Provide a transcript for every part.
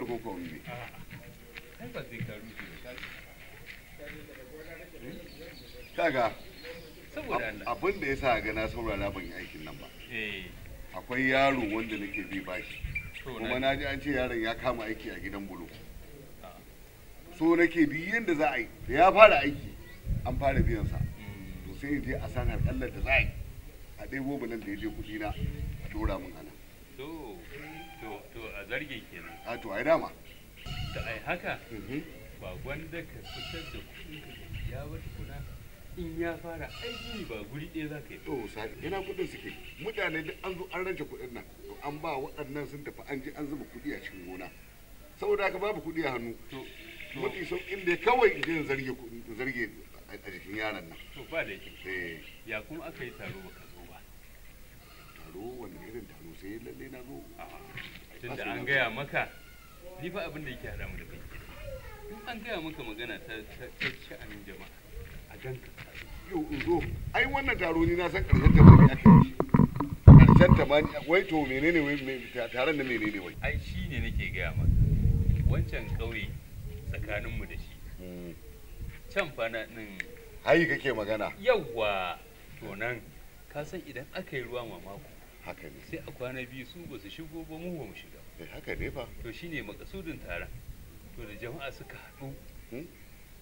bindigar ko ka wuri kaga abin ya sa ga na saurara ban yi aikin nan ba eh. akwai yaro wanda nake bi bashi kuma na ji an ce yaron ya kama aiki a gidan bulo ah. so nake bi yadda za a yi da ya fara aiki an fara biyan sa hmm. to sai je a sanar kallar da za a yi a ɗebo bulan da ya je kuɗi na a dora min ana zarge kenan a to ai dama da ai haka mhm. ba gwanda ka fitar da kuɗin ka ya ba tukuna in ya fara aiki ba guri ɗaya za ka yi Oh sa ina kuɗin suke mutane duk an zo an rage kuɗin nan to an ba waɗannan sun tafi an je an zuba kuɗi a cikin gona saboda haka babu kuɗi a hannu to mafi sauƙin da kawai in zarge zarge a jikin yaron nan to ba da yake eh. ya kuma aka yi taro baka zo ba taro wanda irin taro sai lalle na zo da an gaya maka ni fa abin da yake haɗa mu da kai in an gaya maka magana ta sha'anin jama'a a ganka yau in zo ai wannan taro ni na san ƙarshen ta ne aka yi ƙarshen ta ma wai to menene wai taron na menene wai ai shi ne nake gaya maka wancan ƙauye tsakaninmu da shi hmm. can fa na nan hayi kake magana yawwa to nan ka san idan aka yi ruwa mamako haka ne sai a kwana biyu su ba su shigo ba mu ba mu shiga eh haka ne fa to shine makasudin taron to da jama'a suka haɗu hmm?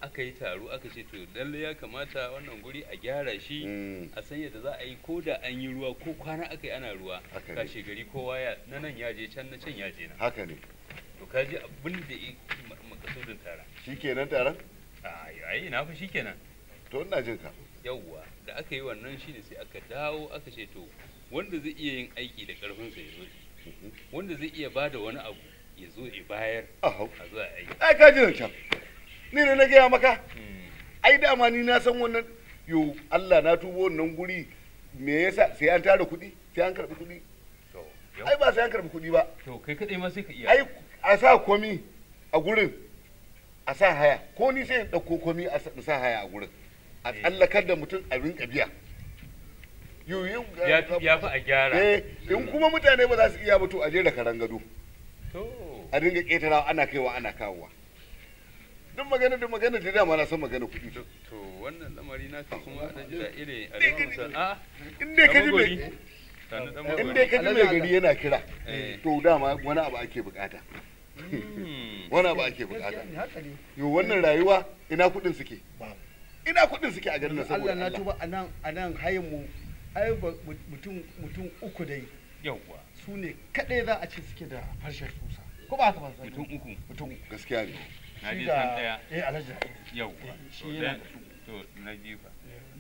aka yi taro aka ce to lalle ya kamata wannan guri a gyara shi hmm. a san yadda za a yi ko da an yi ruwa ko kwana aka yi ana ruwa kashe gari kowa ya na nan ya je can na can ya je na haka ne to ka ji abin da ya makasudin taron shikenan taron ai na fa shikenan to ina jin ka yawwa da aka yi wannan shine sai aka dawo aka ce to wanda zai iya yin aiki da karfinsa ya zo wanda zai iya bada wani abu ya zo ya bayar a zo a aiki ai ka ji zancen ni ne na gaya maka ai dama ni na san wannan yo Allah na tubo wannan guri me yasa sai an tara kuɗi sai an karɓi kuɗi ai ba sai an karɓi kuɗi ba to kai kadai ma sai ka iya ai a sa komi a gurin a sa haya ko ni sai in ɗauko komi a sa haya a gurin a eh. tsallakar da mutum a rinka biya yoyin ya fi a gyara eh, in kuma mutane ba za su iya ba to a jera karan gado a dinga ketara ana kaiwa ana kawowa duk magana duk magana da dama na san magana kuɗi to wannan lamari na ka kuma da jira ire a da in dai ka ji mai in dai ka ji mai gari yana kira eh. to dama wani abu ake bukata hmm. wani abu ake bukata yo wannan rayuwa ina kuɗin suke ina kuɗin suke a garin nan saboda Allah na tuba anan anan hayin mu ai mutum uku dai yawwa su ne kaɗai za a ce suke da harshen tusa ko ba ka ba mutum uku mutum gaskiya ne na ji san ɗaya eh alhaji yawwa eh, to na ji fa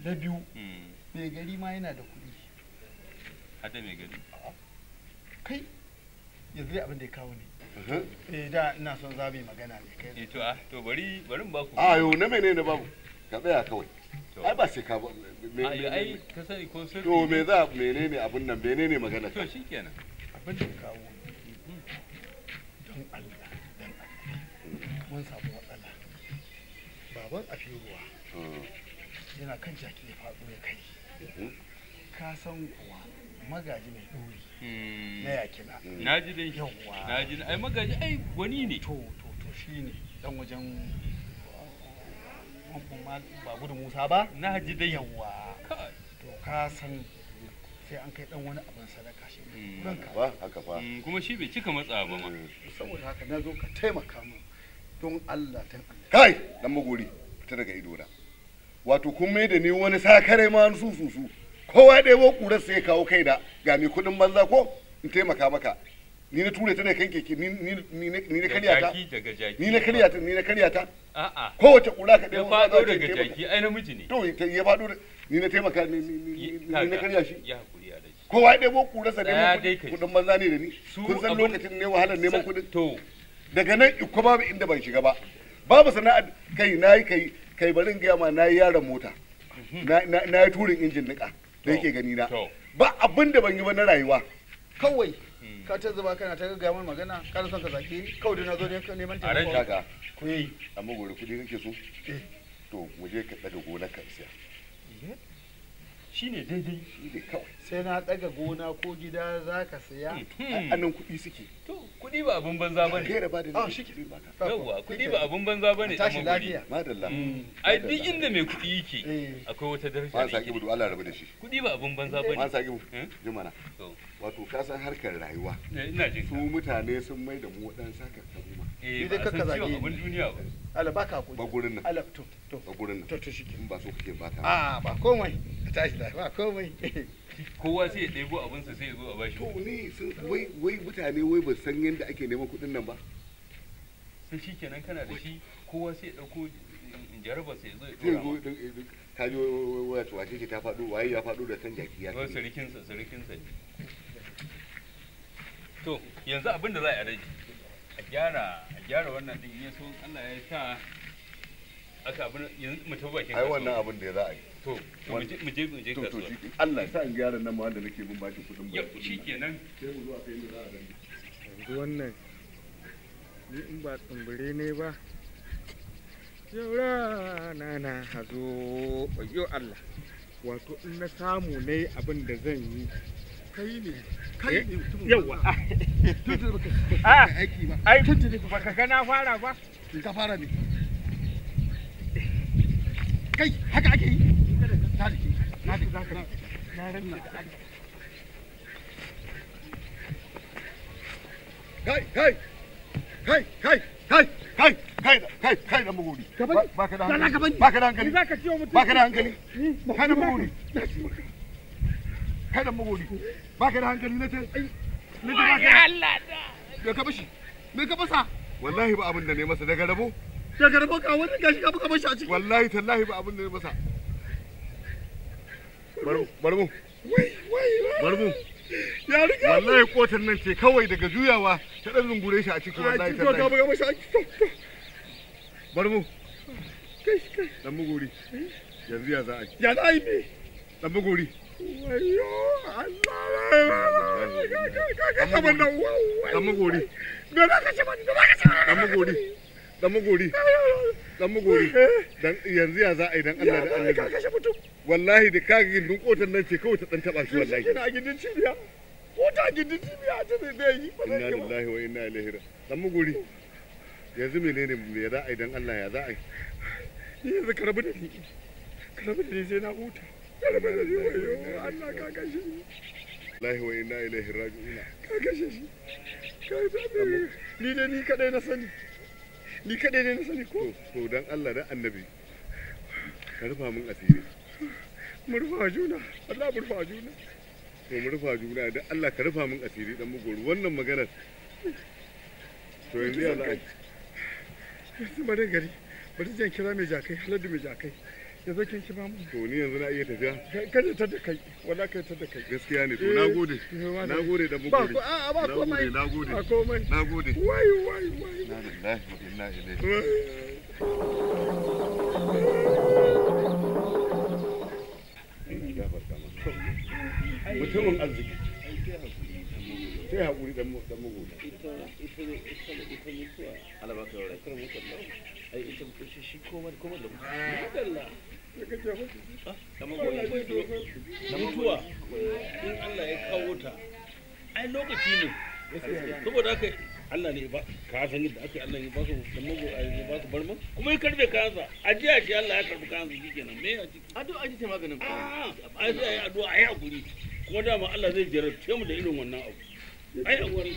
na biyu hmm. mai gari ma yana da kuɗi hada mai gari kai yanzu abin da ya kawo ne uh-huh. eh da ina son zabi magana ne kai eh, to a ah, to bari barin ba ku ayo ah, na menene babu ka tsaya kawai ai ba sai ka ba ai ka sani ko sirri to me za menene abun nan menene magana to shikenan abin da kawo don Allah dan Allah mun samu matsala baban a ruwa hmm. yana kan jaki ya faɗo ya kai hmm. ka san kuwa magaji mai ɗori hmm. na yakina na ji dai yawwa na ji ai magaji ai gwani ne to to to shine dan wajen ba gudu musa ba na haji da yawa to ka san sai an kai dan wani abin sadaka shi hmm, ranka ba haka fa hmm, kuma shi bai cika matsa ba ma hmm. saboda haka na zo ka taimaka min don Allah ta Allah kai dan magori fita daga ido na wato kun mai da ni wani sakare ma su su su kowa da yawo kurar sai kawo kai da ga mai kudin banza ko in taimaka maka ni na ture ta ne kan keke ni na karya ta ni na karya ta ni na karya ta kowace kula ka ɗaya wani ɗaure daga jaki ai namiji ne to ya faɗo ni na taimaka ni na karya shi kowa ya ɗaya kurarsa neman kuɗin banza ne da ni kun san lokacin ne wahalar neman kuɗin to daga nan ikko babu inda ban shiga ba babu sana'a kai na yi kai kai barin gaya ma na yi yaron mota mhm. na yi turin injin niƙa da yake gani na ba abin da ban yi ba na rayuwa kawai Hmm. ka ta zuba kana ta gaggawa mun magana kana son ka zaki ni kawai na zo ne neman taimako a ran shaka ku yi amma gore kudi kake so eh. to mu je ka daga gonar ka siya eh? shine daidai shine kawai sai na daga gona ko gida za ka saya a eh, nan hmm. kuɗi suke to kuɗi ba abun banza bane kera ba da ba ah, shi kudi ba ka yawa kuɗi ba abun banza bane tashi lafiya hmm. madalla ai duk inda mai kuɗi yake eh. akwai wata daraja ne. saki budu Allah rabu da shi kuɗi ba abun banza bane ba saki budu hmm? jimana wato ka san harkar rayuwa eh, ina jin su mutane sun mai da mu waɗansu saka kabuma eh ba san ciwon abin duniya ba ala ba ka ba gurin nan ala to to ba gurin nan to to shike ba so kake ba ka a ah, ba komai tashi da ba komai kowa sai ya ɗebo abinsa sai ya zo a bashi to sun wai wai mutane wai ba san yadda ake neman kuɗin nan ba sai shikenan kana da shi kowa sai ya ɗauko eh, jarabar sai ya zo ya ɗora ji wace ce ta faɗo waye ya faɗo da san jaki ya ce to yanzu abin da za a yi a daji gyara a gyara wannan din ya so Allah ya sa aka abin yanzu mu tabbata kin ai wannan abin da za a yi to mu je mu je kasuwa to Allah sa in gyara nan ma da nake bin bashi kudin ba shikenan sai mu zuwa sai da za a gani yanzu wannan ni in ba tsumbure ne ba yaura na na hazo yo Allah wato in na samu ne abin da zan yi Eh, yawa ah, ai ba ka fara ba ka fara ne kai haka ake yi na da ke na da na ranna kai kai kai kai kai kai kai kai kai da muguri ba ka da hankali ba ka da hankali ba ka da hankali kai da muguri kai da magori ba ka da hankali na ce na ce ba ka da me ka bashi me ka fasa wallahi ba abin da ne masa daga rabo daga rabo ka wani gashi ka buka bashi a ciki wallahi tallahi ba abin da ne masa barmu barmu ya riga wallahi kotar nan ce kawai daga juyawa ta dan zungure shi a ciki wallahi tallahi ka buka bashi a ciki barmu kai kai dan mugori yanzu ya za a yi ya za a yi me dan mugori yanzu ya za a Allah da Allah wallahi da ka gindin kotan nan ce kawai ta dan taba shi wallahi Ina gindin cibiya ko ta gindin cibiya ta zai bai yi inna lillahi wa dan Allah ya za yanzu ni da na huta ka lahi ka kashe shi ka ni ne ni na sani ni kadai ne na sani ko to dan Allah dan annabi ka rufa min asiri mu rufa juna Allah mu rufa juna to mu rufa juna Allah ka rufa min asiri dan wannan maganar to yanzu yanzu kira mai jakai haladu mai jakai yanzu kin ci mu to ni yanzu na iya tafiya kada ta da kai wala kai ta da kai gaskiya ne to eh, nagode eh, nagode da bugure ba a ba komai nagode ba komai nagode wai wai wai na lillahi wa inna ile mutumin arziki sai haƙuri dan magoda ita ka ah, in Allah ya kawo ta ai lokaci ne saboda haka Allah ne ba ka san yadda aka Allah ne ba su da mago ne ba su barman kuma ya karbe kayansa ajiya shi Allah ya karbi kayansa shikenan me ya ciki addu'a ah, ji ta maganin a a sai addu'a ai kuma dama Allah zai jarabce mu da irin wannan abu ai a wani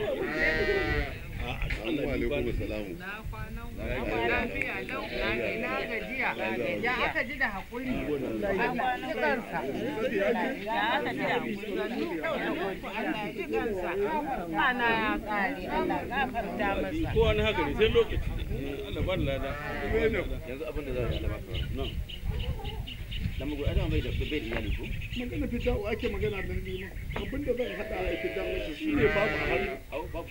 Allah mm. Assalamu alaikum salamu. Na kwana lafiya lau na gajiya. Ya aka ji da hakuri. Cikansa. Ya aka ji da hakuri. Allah ya ji kansa. ya masa. Ko wani haka ne sai lokaci. Allah ba lada. Yanzu abin da za a yi ba da mugu da bai ko magana fita ake magana nan ne abin da zai a babu a hannu babu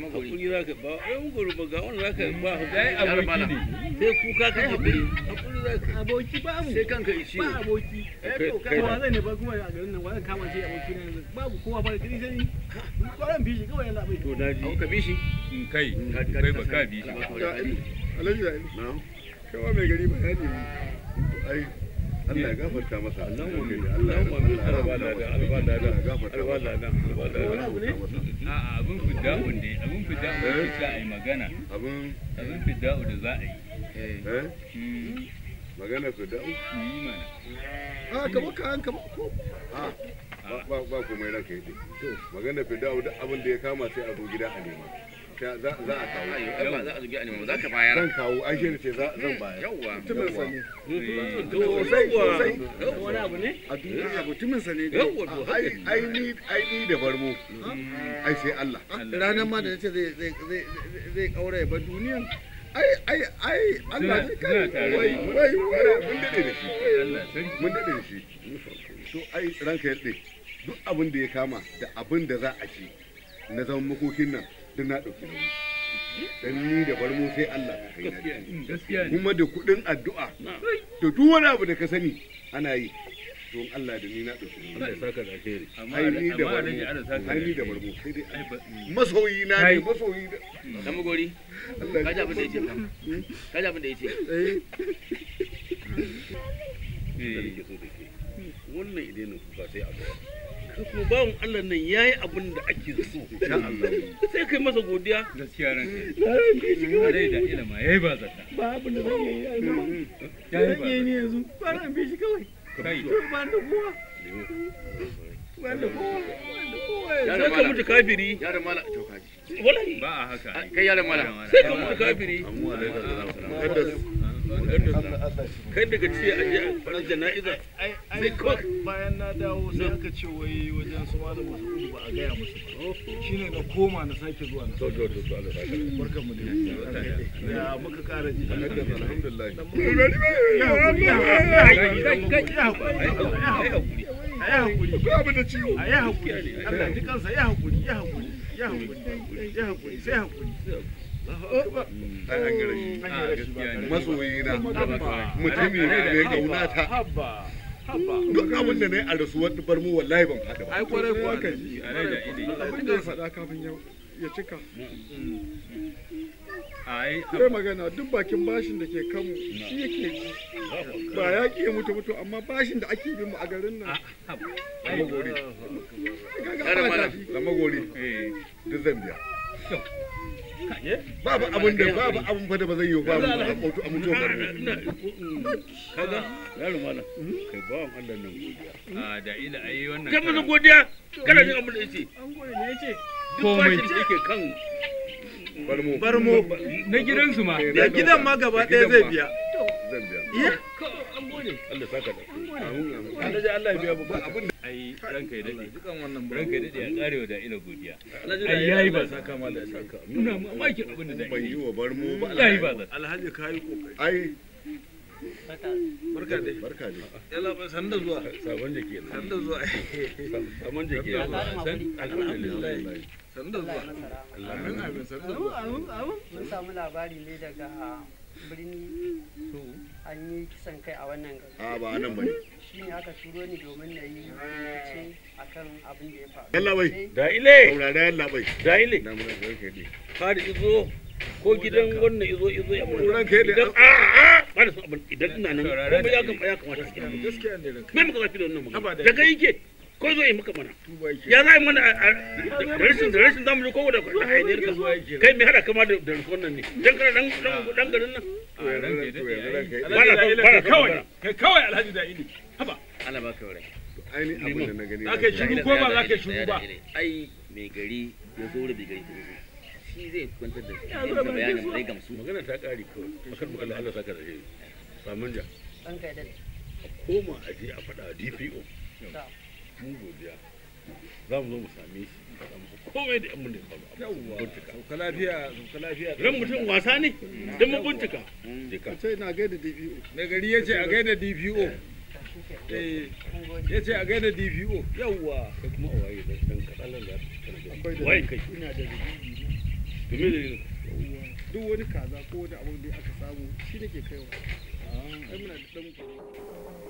hakuri za ka ba ɗan guri ba ga wani za ka ba aboki ne sai kuka ka hakuri hakuri za ka aboki babu sai kanka ishi ba aboki eh to kai zai ne ba kuma a garin nan wa kama shi aboki ne babu kowa sai kwaran bishi kawai yana bai to daji ka bishi in kai mm. kai ba ka bishi alhaji da na'am mai gari ai Allah ya gafarta masa Allah ya abin fidda'u ne abin fidda'u da, za a yi magana abin fidda'u da za a yi eh? Eh? magana fidda'u yi mana a ah, kamar ka an kamar ko ah, ba ba komai ranka yake magana fidda'u duk abin da ya kama sai a zo gida a nema za a kawo yawa za a bayar zan kawo an shi ce zan hmm, bayar yawa mutumin sani sosai sosai wani abu ne a duniya mutumin sani yawa hmm. ai ni ai ni da barmo hmm. ai sai Allah ranar ma da nace zai zai zai zai kaura ba duniyan ai ai ai Allah ne kai wai wai mun dade da shi mun dade da shi to ai ranka yadda duk abin da ya kama da abin da za a ci na zaman makokin nan duk na ɗauki nauyi dan ni da bar mu sai Allah ka kai gaskiya ne kuma da kuɗin addu'a to duk wani abu da ka sani ana yi don Allah da ni na ɗauki Allah ya saka da alheri ai ni da bar mu ai ni da bar mu sai dai masoyi na ne masoyi da hmm. gori Allah ka ji abin da yake hmm. ka ji abin da yake eh hmm. wannan idan ku ba sai addu'a kuma bawan Allah nan ya yi abin da ake so sai kai masa godiya gaskiya ran kai rai da ilima yayi ba zata ba abin da zan yi yanzu ya yi ba mm-hmm. ne yanzu ba ran bi shi kawai kai ba da kowa ba da kowa sai ka mutu kafiri yaran mala to kaji wallahi ba haka kai yaran mala sai ka mutu kafiri kai daga ce a je farin jana'iza sai kawai bayan na dawo sai aka ce wai wajen su malam masu ba a gaya musu ba shine na koma na sake zuwa na to to to barkan mu da ya muka kara ji alhamdulillah ya hakuri ko abin da ciwo ya hakuri Allah ji kansa ya hakuri ya hakuri ya hakuri ya hakuri sai hakuri masoyi mutumi ne gauna ta duk abin da na yi a rasuwar dubar mu wallahi ban faɗi ba ai kwarai kuwa ka ji a rai da ide abin da ya faɗa kafin ya cika ai sai magana duk bakin bashin da ke kanmu shi yake ji ba ya ki mutu mutu amma bashin da ake bin mu a garin nan lamagori lamagori eh, duk zan biya babu abin da babu abin fa da ba zan yi ba mu kotu a mutuwa kaga yaro mana kai ba mu Allah nan godiya a da ila ai wannan kai mun godiya kana jin abin da yace an gode ne yace duk bashin shi yake kan barmo barmo na gidansu ma da eh, gidan ma gaba daya zai biya zan biya gode Allah saka da Alhaji Allah ya biya ba abin ai ranka ya dade dukan wannan ba ranka ya dade ya da ina godiya ai yayi ba saka ma da saka muna abin da yi wa bar mu ba ba Alhaji kai kokari ai barka dai barka dai yalla ba san da zuwa sabon san da zuwa sabon san alhamdulillah san da zuwa Allah ya mun samu labari ne daga birni an yi kisan kai a wannan gari. A ba nan bane. Shi ne aka turo ni domin na yi ce kan abin da ya faru. Yalla bai. Eh? Da ile. Saurara yalla bai. Da ile. Na mun ga kai dai. Fari izo ko gidan wannan izo izo ya mun. Ran kai dai. A a ba da su abin idan ina nan. Kuma ya kamata ya kamata. Gaskiya ne ranka. Me muka zafi da wannan magana. Da kai yake. ko zo yi maka mana ya za yi mana a, rashin da rashin zamu ji ko da hayaniyar ka kai mai hada kama da rikon nan ne dan kana dan dan garin nan bana kawai kai kawai alhaji da ini haba ana baka wurin aini abin da na gani za shiru ko ba za shiru ba ai mai gari ya zo da gari shi zai kwantar da shi bayanin zai gamsu magana ta kare kawai makar bukala Allah saka da shi samun ja dan kai da koma a je a faɗa DPO mun godiya za mu zo mu same shi faɗa komai da yan mulki da ya faru yawwa sauka lafiya sauka lafiya ran mutum wasa ne don mu bincika dika hmm. sai na gaida DPO na gari ya ce a gaida DPO eh, ya ce a gaida DPO yawwa kai kuma a waye da kan kadalan da akwai waye kai ina da dalili duk wani kaza ko wani abu da aka samu shi nake kaiwa ah, ai muna da ɗan dan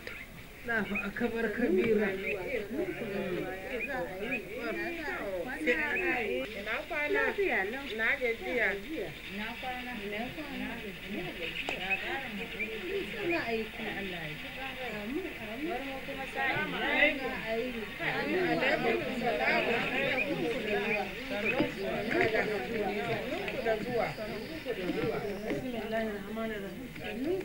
Allahu akbar kabira. Na kwana. Na gajiya. Na kwana. Na kwana. Na aiki. Allah ya Bar mu kuma sa'i. Na aiki. Alaikum salam. Alaikum salam. Sannu ku da zuwa. Sannu ku da zuwa. الله الرحمن الرحيم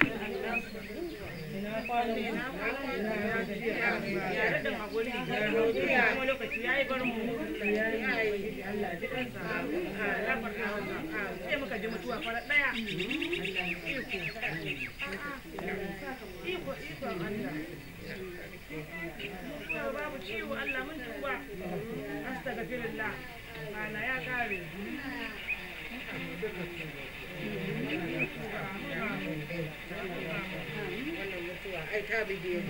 babu ciwo ya like Abigail.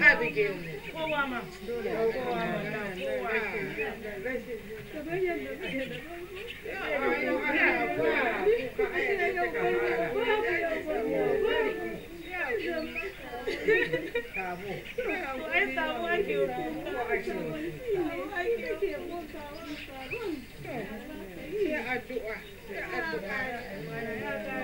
Abigail. Yeah, I do. Yeah, I do.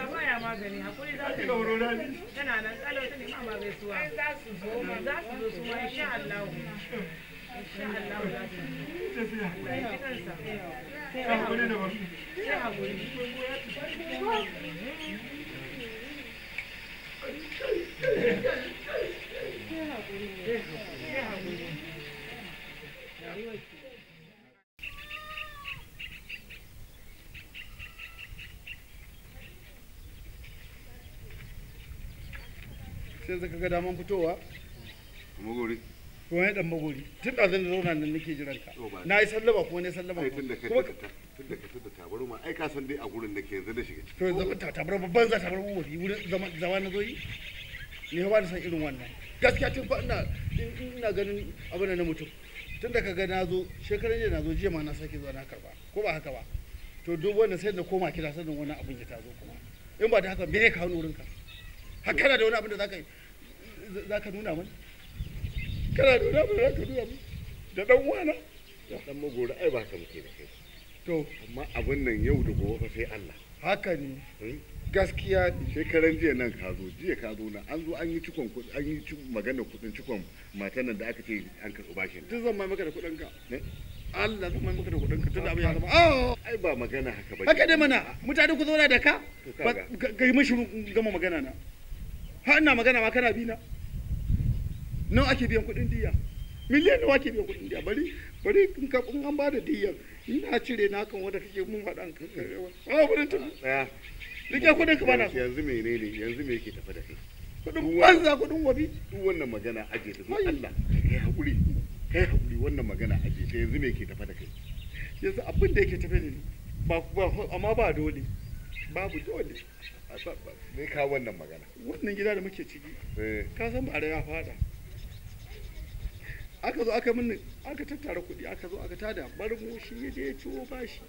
magani hakuri za su yi tana nan tsalo ta nema ma gaisuwa za su zo ma za su zo su ma insha Allah insha Allah za su yi sai hakuri da wasu sai hakuri sai zaka ga daman fitowa magori ko ne dan magori tun da zan zauna nan nake jiran ka na yi sallaba ko ne sallaba kuma kai ka tun da ka tun da tabaru ma ai ka san dai a gurin da ke yanzu da shiga to ta tabaru babban za tabaru wuri wurin zawa na zoyi ne ba da san irin wannan gaskiya tun fa ina ina ganin abin na mutum tun da ka ga na zo shekaran jiya na zo jiya ma na sake zuwa na karba ko ba haka ba to duk wanda sai da koma kira sanin wani abin ya tazo kuma in ba da haka me ne ka wurin ka hakana da wani abin da zaka yi za ka nuna mani kana nuna mani za ka nuna mani da dan wana dan magoro ai ba ka muke da kai to amma abin nan yau da gobe sai Allah haka ne eh? gaskiya shekaran jiya nan ka zo jiya ka zo an zo an yi cikon an yi magana kudin cikon matan nan da aka ce an karɓi bashin duk zan ma maka da kudin ka eh? Allah zan ma maka da kudin ka tun abin ya zama ah! ai ba magana haka ba haka dai mana mutane ku zauna da ka ga yi mishi gama magana na har ina magana ma kana bi na nan ake biyan kuɗin diya miliyan nawa ake biyan kuɗin diya bari bari in ka in an bada diya ina cire na kan wanda kake mun an ka a wurin tun tsaya rike kuɗin ka bana yanzu menene yanzu me yake tafi da kai kuɗin banza kuɗin wabi duk wannan magana aje ta don Allah kai hakuri kai hakuri wannan magana aje ta yanzu me yake tafi da kai yanzu abin da yake tafi ne ba ba amma ba dole babu dole Me ka wannan magana wannan gida da muke ciki eh. ka san ba da ya fada aka zo aka mini aka tattara kuɗi aka zo aka tada barmo shi ya je ciwo bashi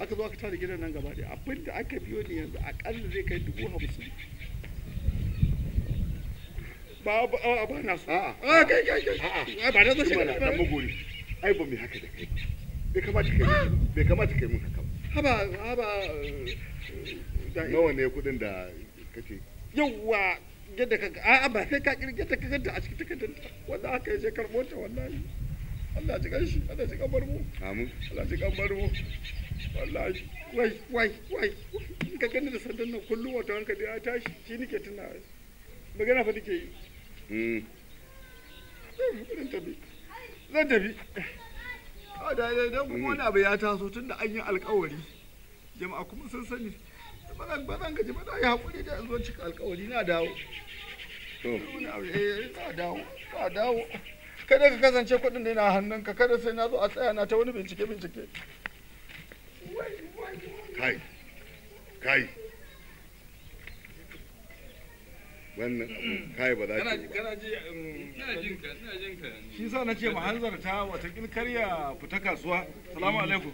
aka zo aka tada gidan nan gaba ɗaya abin da aka biyo ne yanzu akalla zai kai dubu hamsin ba ba ba na su a a kai kai kai ba na so shi da muguri ai ba mai haka da kai bai kamata kai bai kamata kai mun haka haba haba eh, eh, nawa ne kuɗin da kake yawwa yadda da kaga a'a ba sai ka kirge ta kaga ta a cikin takardar ta wanda aka yi sai karbo ta wallahi Allah ji kanshi Allah ji kan barmu amin Allah ji kan barmu wallahi wai wai wai in ka gani da sandan nan kullum wata da ya tashi shi nake tuna magana fa nake yi hmm. zan tafi zan tafi a da da kuma wani abu ya taso tun da an yi alkawari jama'a kuma sun sani ba zan gaji ba za a yi haƙuri da yanzu cika alkawari na dawo Eh, eh, eh, dawo kada ka kasance kudin da yana hannun ka kada sai na zo a tsaya na ta wani bincike bincike kai kai wannan mm. kai ba za ki kana ji um, ina jin ka ina jin ka shi sa nace mu hanzarta wata karya fita kasuwa salamu alaikum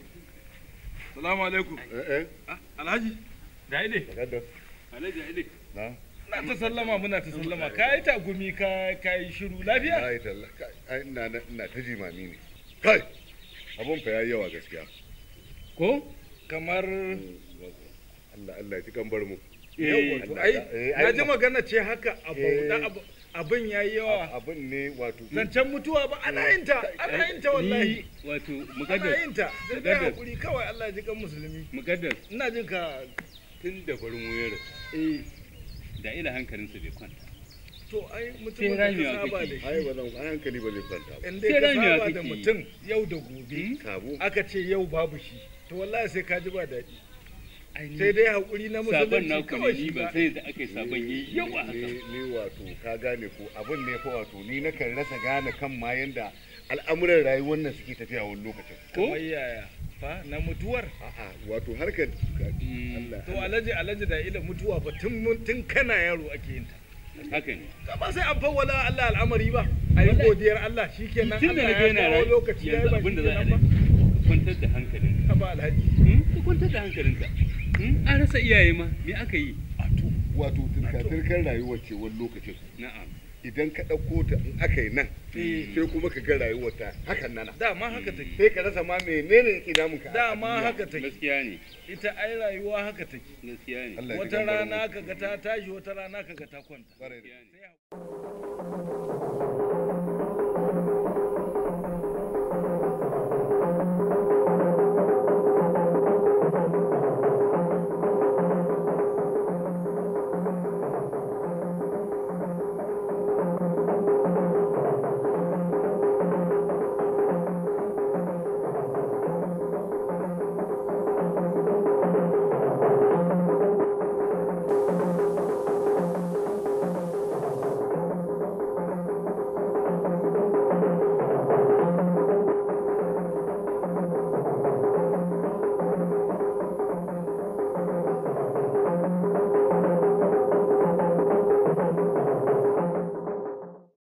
salamu alaikum eh eh alhaji da ide alhaji da ide na ta sallama muna ta sallama ka yi tagumi ka ka yi shiru lafiya? Ai talla ai ina ta jimami ne. Kai abun fa yayi yawa gaskiya. Ko kamar Allah Allah ji kan bar mu. Eh ai na ji magana ce haka abu da abu abin ya yi yawa abin ne wato zancen mutuwa ba ana eh. yin ta ana yin ta wallahi wato mukaddas ana yin ta sai dai hakuri kawai Allah ya ji kan musulmi mukaddas ina jin ka tun da farin wuyar eh da ila hankalinsa bai kwanta to ai mutum ba ka saba da shi ai wannan hankali ba zai kwanta ba sai ran ya da mutum yau da gobe hmm? aka ce yau babu shi to wallahi sai ka ji ba daɗi sai dai hakuri na musulunci kawai shi ba sai da aka sabon yi yau haka ni wato ka gane ko abin ne fa wato ni na kan rasa gane kan ma yanda al'amuran rayuwar nan suke tafiya wani lokacin kamar yaya fa na mutuwar a'a wato harkar mm, Allah to alaji alaji da ila mutuwa ba tun tun kana yaro ake yin ta haka ne ba sai an fawwala Allah al'amari ba ayi godiyar Allah shikenan Allah ya kawo lokaci yanzu ba abinda za a yi kwantar da hankalin ka ba alhaji hmm? ku kwantar da ka hmm? an rasa iyaye ma me aka yi wato turka turkar rayuwar ce wani lokacin na'am idan ka ɗauko ta in aka yi nan eh. sai kuma ka ga rayuwarta hakan nana ma haka take sai ka rasa ma menene ke damun ka ma haka take gaskiya ne ita ai rayuwa haka take gaskiya ne wata rana ka ga ta tashi wata rana ka ga ta kwanta